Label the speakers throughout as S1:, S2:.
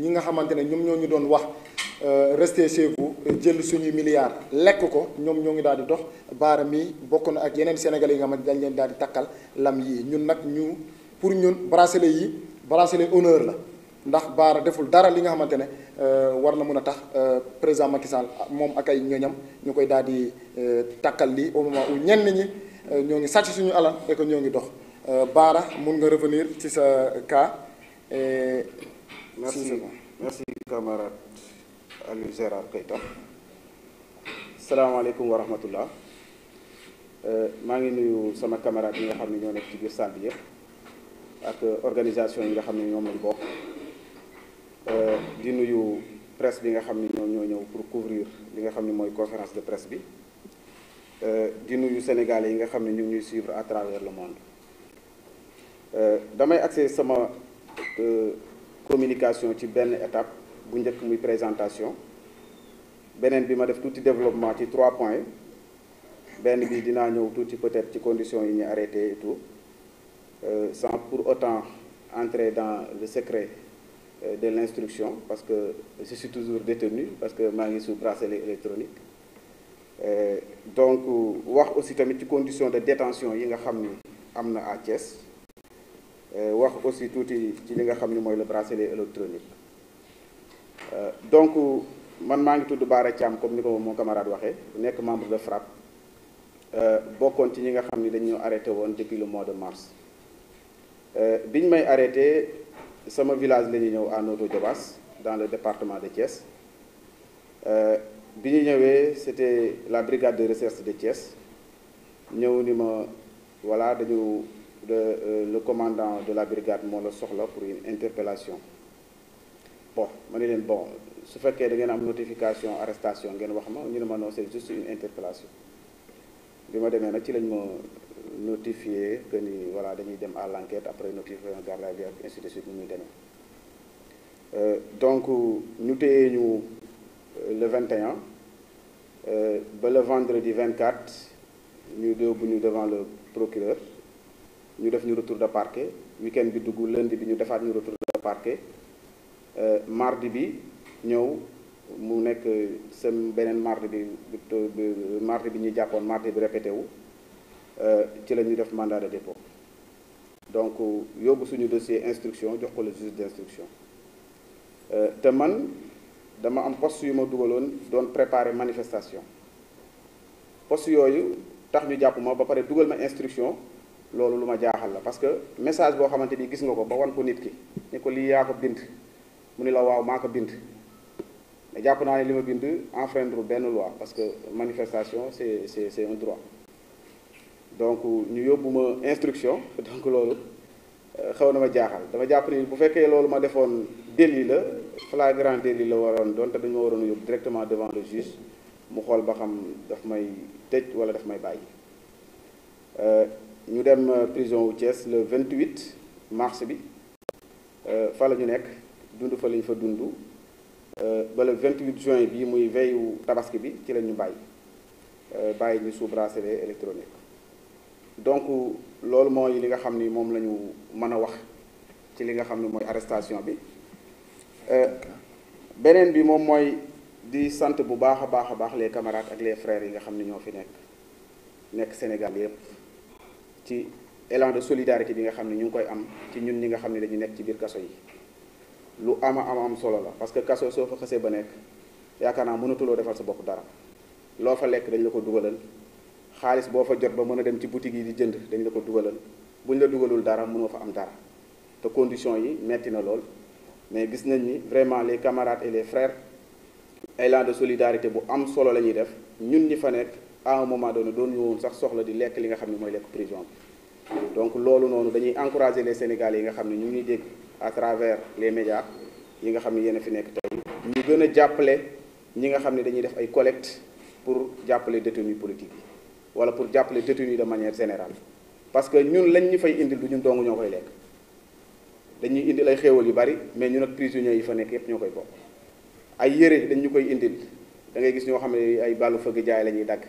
S1: ñi nga xamante ne ñoom ñoo ñu doon wax euh, restez chez vous jël suñuy milliards lekk ko ñoom ñoo ngi daal di dox baara mi bokk na ak yeneen sénégal yi nga xamante dañ leen daal di takkal lam yi ñun nag ñu pour ñun bracelet yi bracelet honneur la ndax baara deful dara li nga xamante ne euh, war na mën a tax euh, président Macky Sall moom ak ay ñoñam ñu koy daal di takkal lii au moment où ñenn ñi ñoo ngi sàcc suñu alal et ñoo ngi dox baara mun nga revenir ci sa cas. Merci, merci camarade Aliou Gérard Keita salaamaaleykum wa rahmatullah euh, maa ngi nuyu sama camarade yi nga xam ne ñoo nekk ci gis salle yëpp ak organisation yi nga xam ne ñoom lañ bokk euh, di nuyu presse bi nga xam ne ñoom ñoo ñëw pour couvrir li nga xam ne mooy conférence de presse bi euh, di nuyu sénégalais yi nga xam ne ñu ngi ñuy suivre à le monde damay accès sama communication ci benn étape bu njëkk muy présentation beneen bi ma def tuuti développement ci trois points benn bi dinaa ñëw tuuti peut-être ci conditions yi ñu arrêté et tout euh, sans pour autant entrer dans le secret euh, de l'instruction parce que je suis toujours détenu parce que maa ngi sous bracelet électronique euh, donc wax aussi tamit ci condition de détention yi nga xam ni am na à Thiès Euh, wax aussi tuuti ci li nga xam ni mooy le bracelet électronique euh, donc man maa ngi tudd Bara Thiam comme ni ko moo camarade waxee nekk membre de FRAPP euh, bokkoon ci ñi nga xam ni dañu arrêté woon depuis le mois de mars biñ may arrêté sama village la ñu ñëw à Noto Diobass dans le département de Thiès bi ñu ñëwee c'était la brigade de recherche de Thiès ñëw ni ma voilà dañu le euh, le commandant de la brigade moo la soxla pour une interpellation bon ma ne leen bon su fekkee da ngeen am notification arrestation ngeen wax ma ñu ne ma non c'est juste une interpellation bi ma demee nag ci lañ ma notifié que ni voilà dañuy dem à l'enquête après notifié na garde à vue ak ainsi de suite ni muy demee euh, donc ñu téye ñu euh, le 21 ba le vendredi 24 ñu yóbbu ñu devant le procureur ñu def ñu retour de parquet week-end bi dugg lundi bi ñu defaat ñu retour de parquet euh, mardi bi ñëw mu nekk sem beneen mardi bi mardi bi ñuy jàppoon mardi bi répété wu euh, ci la ñuy def mandat de dépôt donc yóbbu suñu dossier instruction jox ko le juge d'instruction euh, te man dama am poste yu ma dugaloon doon préparer manifestation post yooyu tax ñu jàpp ma ba pare dugal ma instruction loolu lu ma jaaxal la parce que message boo xamante ni gis nga ko ba wan ko nit ki ne ko lii yaa ko bind mu ni la waaw maa ko bind mais jàpp naa ne li ma bind enfreindre benn loi parce que manifestation c'est c'est c'est un droit donc ñu yóbbu ma instruction donc loolu euh, xaw na ma jaaxal dama jàpp ni bu fekkee loolu ma defoon délit la flagrant délit la waroon doon te dañu ma waroon yóbbu directement devant le juge mu xool ba xam daf may tëj wala daf may bàyyi. Euh, ñu dem euh, prison wu Thiès vingt 28 mars bi euh, fa la ñu nekk dund fa la ñu fa dund euh, ba le 28 juin bi muy veyu tabaski bi ci la ñu bàyyi bàyyi ñu sous bracelet électronique donc loolu mooy li nga xam ni moom la ñu mën a wax ci li nga xam ni mooy arrestation bi beneen bi moom mooy di sant bu baax a baax a baax lee camarades ak les frères yi nga xam ni ñoo fi nekk nekk Sénégal yépp ci élan de solidarité bi nga xam ne ñu ngi koy am ci ñun ñi nga xam ne dañu nekk ci biir kaso yi lu ama ama am solo la parce que kaso soo fa xasee ba nekk yaakaar naa mënatuloo defal sa bopp dara loo fa lekk dañ la ko dugalal xaalis boo fa jot ba mën a dem ci boutique yi di jënd dañ la ko dugalal buñ la dugalul dara mënoo fa am dara te condition yi metti na lool mais gis nañ ni vraiment les camarades et les frères élan de solidarité bu am solo la ñuy def ñun ñi fa nekk à un doon ñu woon sax di lekk li nga xam ne mooy lekk prison bi donc loolu noonu dañuy encourager les sénégal yi nga xam ne ñu ngi dégg à travers les médias yi nga xam ne yéen a fi nekk tey ñu gën a jàppale ñi nga xam ne dañuy def ay collecte pour jàppale détenus politiques yi wala pour jàppale détenus de manière générale parce que ñun lañ ñu fay indil du ñun dong ñoo koy lekk dañuy indil ay xéewal yu bari mais ñun ak prisonniers yi fa nekk yëpp ñoo koy bokk ay yëre dañ ñu koy indil da ngay gis ñoo xam ne ay bàllu fëgg jaay la ñuy dagg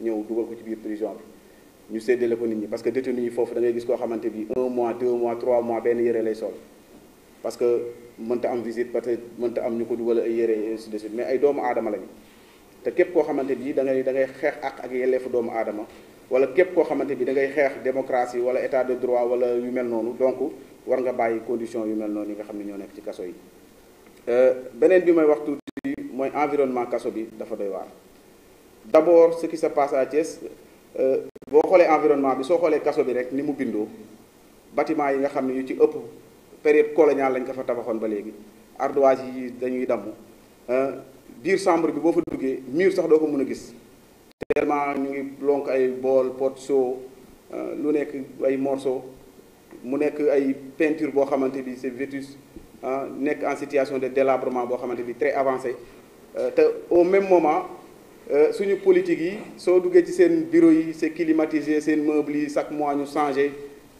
S1: ñëw dugal ko ci biir prison bi ñu séddale ko nit ñi parce que détenu yi foofu da ngay gis koo xamante bi un mois deux mois trois mois benn yére lay sol parce que mënta am visite peut-être mënta am ñu ko dugal ay yére et ainsi de suite mais ay doomu aadama lañu te képp koo xamante bi da ngay da ngay xeex ak ak yelleefu doomu aadama wala képp koo xamante bi dangay ngay xeex démocratie wala état de droit wala yu mel noonu donc war nga bàyyi condition yu mel noonu yi nga xam ne ñoo nekk ci kaso yi euh, beneen bi may wax tuuti mooy environnement kaso bi dafa doy waar d'abord ce se passe à Euh, boo xoolee environnement bi soo xoolee kaso bi rek ni mu bindoo batiment yi nga xam ne yu ci ëpp période coloniale lañ ko fa tabaxoon ba léegi ardoise yi dañuy damm euh, biir chambre bi boo fa duggee mur sax doo ko mën a gis tellement ñu ngi lonk ay bool pot soo euh, lu nekk ay morceau mu nekk ay peinture boo xamante bi c'est vétus nekk en situation de délabrement boo xamante bi très avancé te au même moment Euh, suñu politique yi soo duggee ci seen bureau yi c'est climatisé seen meubles yi chaque mois ñu changé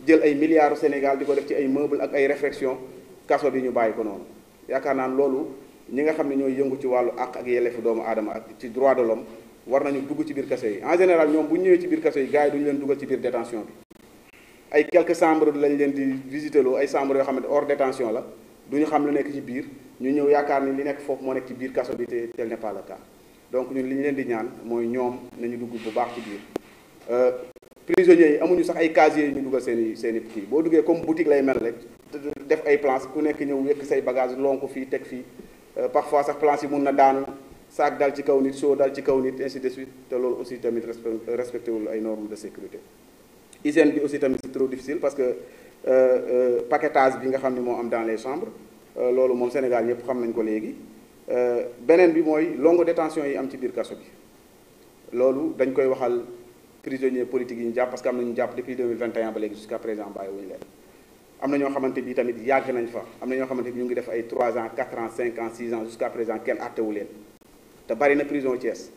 S1: jël ay milliards Sénégal di ko def ci ay meubles ak ay réflexion kaso bi ñu bàyyi ko noonu yaakaar naan loolu ñi nga xam ne ñooy yëngu ci wàllu àq ak yelleefu doomu aadama ak ci droit de l'homme war nañu dugg ci biir kaso yi en général ñoom bu ñëwee ci biir kaso yi gars yi leen dugal ci biir détention bi ay quelques chambres lañ leen di visiteloo ay chambres yoo xam ne hors détention la duñu xam lu nekk ci biir ñu ñëw yaakaar ni li nekk foofu moo nekk ci biir kaso tel n'est pas donc ñun li ñu leen di ñaan mooy ñoom nañu dugg bu baax ci biir euh, prisonniers yi amuñu sax ay casier yu ñu dugal seen i seen i kii boo duggee comme boutique lay mel rek def ay plans ku nekk ñëw wékk say bagage lonku fii teg fii euh, parfois sax plans yi mun na daan saak dal ci kaw nit soo dal ci kaw nit ainsi de suite te loolu aussi tamit euh, respecté wul ay normes de sécurité hygiène bi aussi tamit c'est trop difficile parce que paquetage bi nga xam ne moo am dans les chambres loolu moom Sénégal yëpp xam nañ ko léegi Euh, beneen bi mooy longue détention yi am ci biir kaso bi loolu dañ koy waxal prisonniers politiques yi ñu jàpp parce que am na ñu jàpp depuis 2021 ba léegi jusqu'à présent bàyyi wuñu leen am na ñoo xamante bi tamit yàgg nañ fa am na ñoo xamante bi ñu ngi def ay 3 ans 4 ans 5 ans 6 ans jusqu'à présent kenn àttewu leen te bari na prison Thiès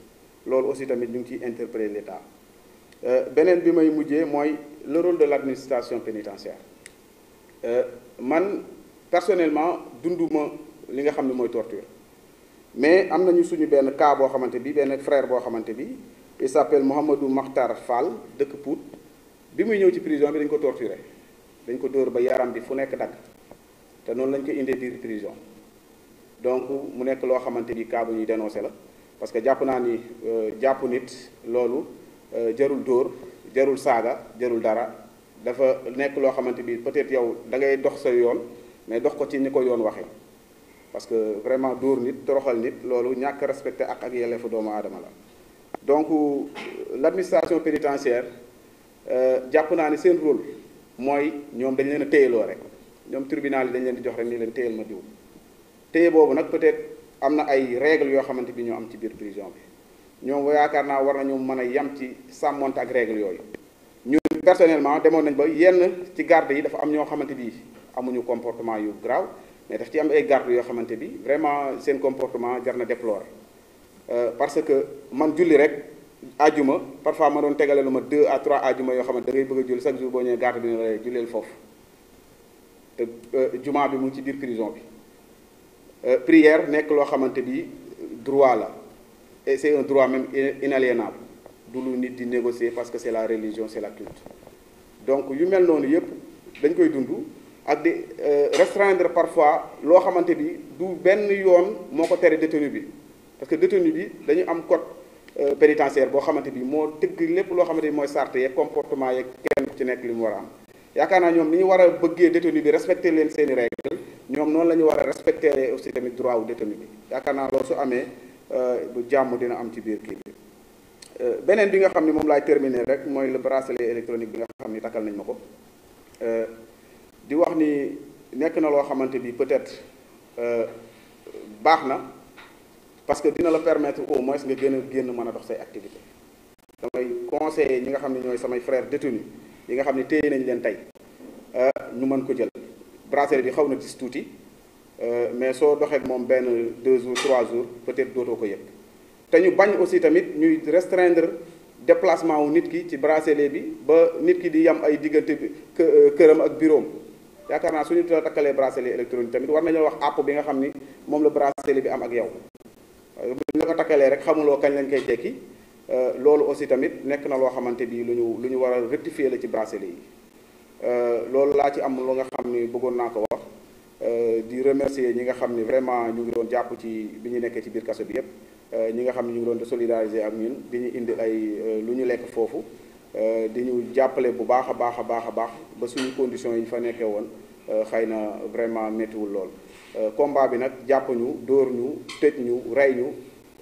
S1: loolu aussi tamit ñu ngi ciy interpeller l'État euh, beneen bi may mujjee mooy le rôle de l'administration pénitentiaire euh, man personnellement dunduma li nga xam ne mooy torture mais am nañu suñu benn cas boo xamante bi benn frère boo xamante bi il s'appelle Mouhamadou Makhtar Fall dëkk Pout bi muy ñëw ci prison bi dañ ko torturé dañ ko dóor ba yaram bi fu nekk dagg te noonu lañ ko indee biir prison donc mu nekk loo xamante bi cas bu ñuy dénoncé la parce que jàpp naa ni euh, jàpp nit loolu euh, jarul dóor jarul saaga jarul dara dafa nekk loo xamante bi peut-être yow da ngay dox sa yoon mais dox ko ci ni ko yoon waxee parce que vraiment dóor nit toroxal nit loolu ñàkk respecté ak ak yelleefu doomu adama la donc euh, l' administration pénitentiaire euh, jàpp naa ne seen rôle mooy ñoom dañ leen a téyeloo rek ñoom tribunal yi dañ leen di jox rek ni leen téyel ma diw téye boobu nag peut-être am na ay règles yoo xamante bi ñoo am ci biir prison bi ñoom yaakaar naa war nañu mën a yam ci sàmmonte ak règles yooyu ñun personnellement demoon nañ ba yenn ci garde yi dafa am ñoo xamante bi amuñu comportement yu grave mais daf ci am ay garde yoo xamante bi vraiment seen comportement jar na déplorer euh, parce que man julli rek ajuma parfois ma doon tegalee lu ma deux à trois ajuma yoo xamante da ngay bëgg a julli chaque jour boo ñëwee garde bi ne la julleel foofu te euh, jumaa bi mu ci biir prison bi euh, prière nekk loo xamante bi droit la et c'est un droit même inaliénable du lu nit di négocier parce que c'est la religion c'est la culture donc yu mel noonu yëpp dañ koy dund ak di euh, restreindre parfois loo xamante bi du benn yoon moo ko tere détenu bi parce que détenu bi dañu am code euh, pénitentiaire boo xamante bi moo tëgg lépp loo xamante bi mooy sart yeeg comportement yeeg kenn ku ci nekk li mu war a am yaakaar naa ñoom ni ñu war a bëggee détenu bi respecter leen seeni i règle ñoom noonu la ñu war a respecter aussi tamit droit wu détenu bi yaakaar naa loolu su amee euh, bu jàmm dina am ci biir kii bi beneen bi nga xam ne moom laay terminer rek mooy le bracelet électronique bi nga xam ni takkal nañ ma ko di wax ni nekk na loo xamante bi peut-être euh, baax na parce que dina la permettre ou moins nga gën a génn mën a dox say activité damay conseiller ñi nga xam ne ñooy samay frères détenus yi nga xam ne téye nañ leen tey euh, ñu mën ko jël bracelet bi xaw na tis tuuti euh, mais soo doxee moom benn deux jours trois jours peut-être dootoo ko yëpp te ñu bañ aussi tamit ñuy restreindre déplacement wu nit ki ci bracelet bi ba nit ki di yam ay diggante këram ak bureau yaakaar naa suñu takkalee bracelet électronique tamit war nañoo wax app bi nga xam ni moom la bracelet bi am ak yow euh, bu ñu takkalee rek xamuloo kañ lañ koy tekki euh, loolu aussi tamit nekk na loo xamante bi lu ñu lu ñu war a la ci bracelet yi euh, loolu laa ci am nga xam ni bëggoon naa ko wax di remercier ñi nga xam ni vraiment ñu ngi doon jàpp ci bi ñu nekkee ci biir kaso bi yépp ñi nga xam ni ñu ngi doon de solidariser ak ñun di ñu indi ay lu ñu lekk foofu Euh, di ñu jàppale bu baax a baax a baax a baax ba suñu conditions yi ñu fa nekkee woon euh, xëy na vraiment méttiwul lool euh, combat bi nag jàpp ñu dóor ñu tëj ñu rey ñu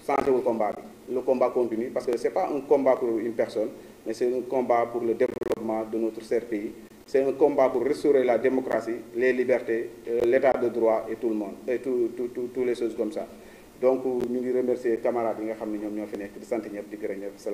S1: changé wul combat bi le combat continue parce que c'est pas un combat pour une personne mais c'est un combat pour le développement de notre cher pays c'est un combat pour restaurer la démocratie les libertés l'état de droit et tout le monde et les choses comme ça donc ñu ngi remercier camarades yi nga xam ne ñoom ñoo nekk di sant ñëpp di gërëm